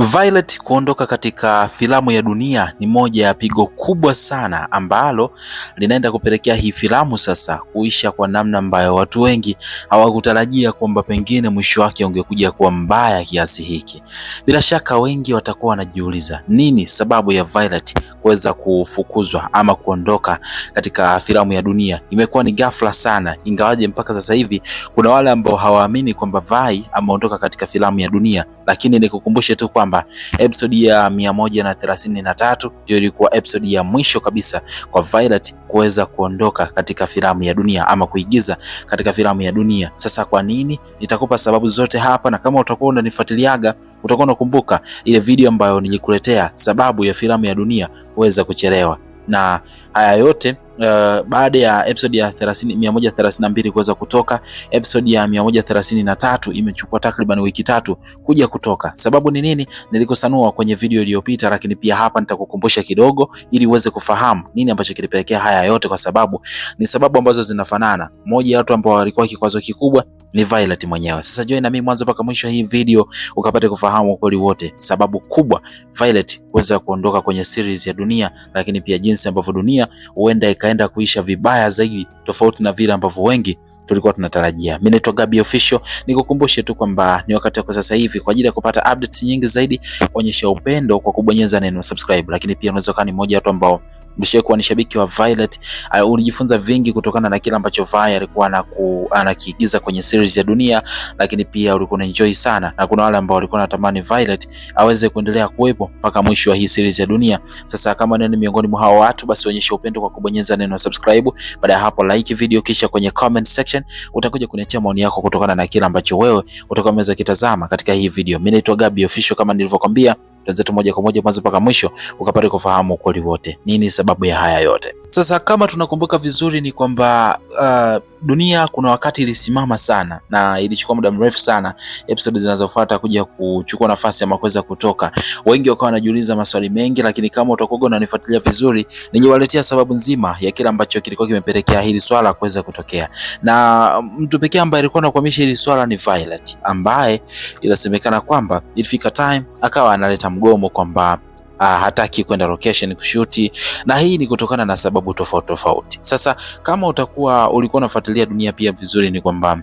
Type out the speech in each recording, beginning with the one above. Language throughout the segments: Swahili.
Violet kuondoka katika filamu ya Dunia ni moja ya pigo kubwa sana ambalo linaenda kupelekea hii filamu sasa kuisha kwa namna ambayo watu wengi hawakutarajia kwamba pengine mwisho wake ungekuja kuwa mbaya kiasi hiki. Bila shaka wengi watakuwa wanajiuliza nini sababu ya Violet kuweza kufukuzwa ama kuondoka katika filamu ya Dunia. Imekuwa ni ghafla sana, ingawaje mpaka sasa hivi kuna wale ambao hawaamini kwamba Vai ameondoka katika filamu ya Dunia, lakini nikukumbushe tu kwa kwamba episode ya mia moja na thelathini na tatu ndio ilikuwa episode ya mwisho kabisa kwa Violet kuweza kuondoka katika filamu ya dunia ama kuigiza katika filamu ya dunia. Sasa kwa nini? Nitakupa sababu zote hapa, na kama utakuwa unanifuatiliaga utakuwa unakumbuka ile video ambayo nilikuletea sababu ya filamu ya dunia kuweza kuchelewa na haya yote Uh, baada ya episode ya 30 132 kuweza kutoka, episode ya 133 imechukua takriban wiki tatu kuja kutoka. Sababu ni nini? Nilikusanua kwenye video iliyopita, lakini pia hapa nitakukumbusha kidogo ili uweze kufahamu nini ambacho kilipelekea haya yote, kwa sababu ni sababu ambazo zinafanana. Moja ya watu ambao walikuwa kikwazo kikubwa ni Violet mwenyewe. Sasa join na mimi mwanzo mpaka mwisho hii video ukapate kufahamu ukweli wote, sababu kubwa Violet kuweza kuondoka kwenye series ya Dunia, lakini pia jinsi ambavyo Dunia huenda ikaenda kuisha vibaya zaidi, tofauti na vile ambavyo wengi tulikuwa tunatarajia. Mimi naitwa Gabi Official, nikukumbushe tu kwamba ni wakati wako sasa hivi kwa ajili ya kupata updates nyingi zaidi. Onyesha upendo kwa kubonyeza neno subscribe, lakini pia unaweza kuwa ni mmoja wa watu ambao ulishawahi kuwa ni shabiki wa Violet, uh, ulijifunza vingi kutokana na kile ambacho Vi alikuwa anakiigiza kwenye series ya Dunia, lakini pia ulikuwa unaenjoy sana, na kuna wale ambao walikuwa wanatamani Violet aweze kuendelea kuwepo mpaka mwisho wa hii series ya Dunia. Sasa kama nani miongoni mwa hao watu, basi onyesha upendo kwa kubonyeza neno subscribe, baada ya hapo like video, kisha kwenye comment section utakuja kuniachia maoni yako kutokana na kile ambacho wewe utakuwa umeweza kitazama katika hii video. Mimi naitwa Gabby Official kama nilivyokwambia gazeti moja kwa moja mwanzo mpaka mwisho ukapata kufahamu ukweli wote. Nini sababu ya haya yote? Sasa kama tunakumbuka vizuri ni kwamba uh, dunia kuna wakati ilisimama sana na ilichukua muda mrefu sana episode zinazofuata kuja kuchukua nafasi ama kuweza kutoka. Wengi wakawa wanajiuliza maswali mengi, lakini kama utakuwa unanifuatilia vizuri, ningewaletea sababu nzima ya kile ambacho kilikuwa kimepelekea hili swala kuweza kutokea, na mtu pekee ambaye alikuwa anakwamisha hili swala ni Violet, ambaye inasemekana kwamba ilifika time akawa analeta mgomo kwamba Ah, hataki kwenda location kushuti, na hii ni kutokana na sababu tofauti tofauti. Sasa kama utakuwa ulikuwa unafuatilia dunia pia vizuri, ni kwamba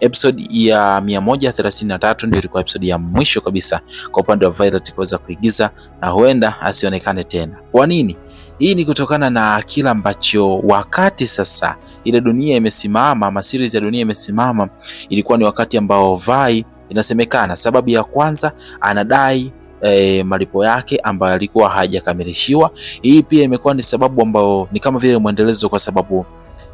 episode ya 133 ndio ilikuwa episode ya mwisho kabisa kwa upande wa Violet kuweza kuigiza na huenda asionekane tena. Kwa nini? Hii ni kutokana na kila ambacho wakati sasa ile dunia imesimama, ama series ya dunia imesimama, ilikuwa ni wakati ambao Vai inasemekana, sababu ya kwanza anadai e, malipo yake ambayo alikuwa hajakamilishiwa. Hii pia imekuwa ni sababu ambayo ni kama vile mwendelezo, kwa sababu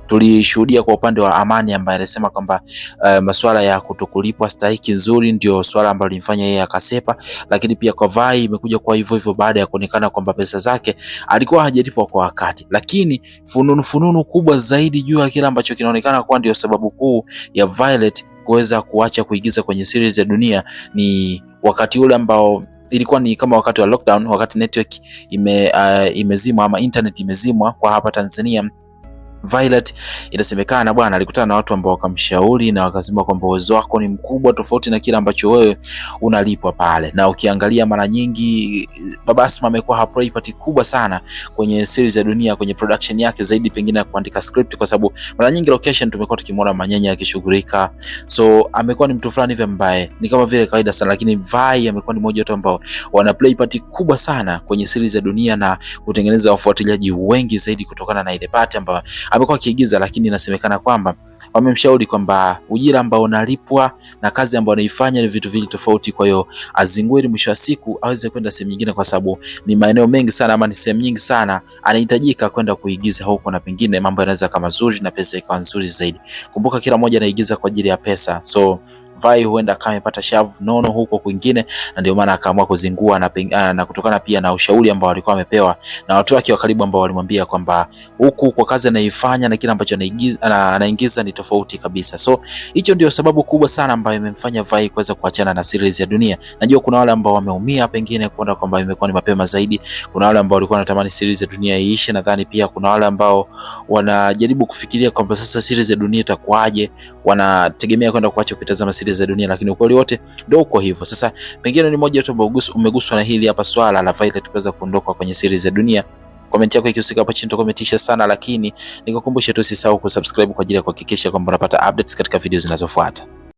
tulishuhudia kwa upande wa Amani ambaye alisema kwamba e, masuala ya kutokulipwa stahiki nzuri ndio swala ambalo limfanya yeye akasepa, lakini pia kwa Vai imekuja kwa hivyo hivyo, baada ya kuonekana kwamba pesa zake alikuwa hajalipwa kwa wakati. Lakini fununu fununu kubwa zaidi juu ya kile ambacho kinaonekana kuwa ndio sababu kuu ya Violet kuweza kuacha kuigiza kwenye series ya Dunia ni wakati ule ambao ilikuwa ni kama wakati wa lockdown, wakati network ime, uh, imezimwa ama internet imezimwa kwa hapa Tanzania. Violet inasemekana bwana alikutana na watu ambao wakamshauri na wakasema kwamba uwezo wako ni mkubwa tofauti na kile ambacho wewe unalipwa pale. Na ukiangalia mara nyingi Baba Asma amekuwa hapo ipati kubwa sana kwenye series ya Dunia, kwenye production yake zaidi pengine ya kuandika script, kwa sababu mara nyingi location tumekuwa tukimwona Manyanya akishughulika, so amekuwa ni mtu fulani hivi ambaye ni kama vile kawaida sana, lakini Vai amekuwa ni mmoja watu ambao wana play part kubwa sana kwenye series ya Dunia na kutengeneza wafuatiliaji wengi zaidi kutokana na ile part ambayo amekuwa akiigiza, lakini inasemekana kwamba wamemshauri kwamba ujira ambao unalipwa na kazi ambayo anaifanya ni vitu vili tofauti. Kwa hiyo azingue ili mwisho wa siku aweze kwenda sehemu nyingine, kwa sababu ni maeneo mengi sana ama ni sehemu nyingi sana anahitajika kwenda kuigiza huko, na pengine mambo yanaweza kama mazuri na pesa ikawa nzuri zaidi. Kumbuka kila mmoja anaigiza kwa ajili ya pesa, so Vai huenda kama amepata shavu nono huko kwingine, na ndio maana akaamua kuzingua na, peng, ah, na kutokana pia na ushauri ambao alikuwa amepewa na watu wake wa karibu ambao walimwambia kwamba huku kwa kazi anaifanya na kile ambacho anaingiza ni tofauti kabisa. So hicho ndio sababu kubwa sana ambayo imemfanya Vai kuweza kuachana na series ya Dunia. Najua kuna wale ambao wameumia pengine kuona kwamba imekuwa ni mapema zaidi, kuna wale ambao walikuwa wanatamani series ya Dunia iishe. Nadhani pia kuna wale ambao wanajaribu kufikiria kwamba sasa series ya Dunia itakuwaje, wanategemea kwenda kuacha kutazama siri za dunia, lakini ukweli wote ndio uko hivyo. Sasa pengine ni moja tu ambao umeguswa na hili hapa swala la Violet kuweza kuondoka kwenye siri za dunia. Komenti yako ikihusika hapa chini tukometisha sana, lakini nikukumbushe tu usisahau kusubscribe kwa ajili ya kuhakikisha kwamba unapata updates katika video zinazofuata.